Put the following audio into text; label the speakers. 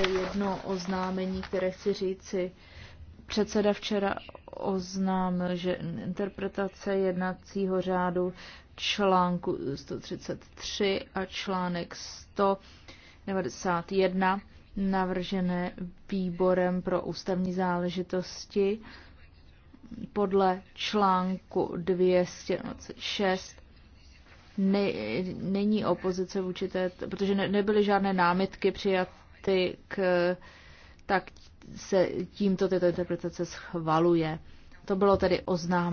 Speaker 1: jedno oznámení, které chci říci. Předseda včera oznámil, že interpretace jednacího řádu článku 133 a článek 191 navržené výborem pro ústavní záležitosti podle článku 206 ne, není opozice vůči té, protože ne, nebyly žádné námitky přijat k, tak se tímto tyto interpretace schvaluje.
Speaker 2: To bylo tedy oznámeno.